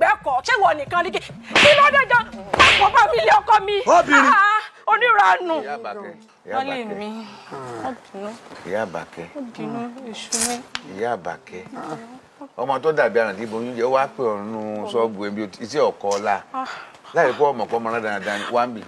gbẹ́kọ̀ọ́ ṣé wọ́n nìkan ní kí ló dé jọ pápọ̀ bá mi ilé ọkọ mi ah, oníranù lọ́lẹ̀ mi ọ̀bìnú ìyá àbàkẹ́ ọ̀bìnú èṣù mi ìyá àbàkẹ́ ọmọ tó dàbí àràǹdí ìbòyún jẹ́ wàá pè ọ̀run ṣọ́ọ̀bù ẹbí iṣẹ́ ọ̀kọ́ ọ̀la ah. láì pọ̀ ọmọ pọ̀ mọ́ra dáadáa wá ń bì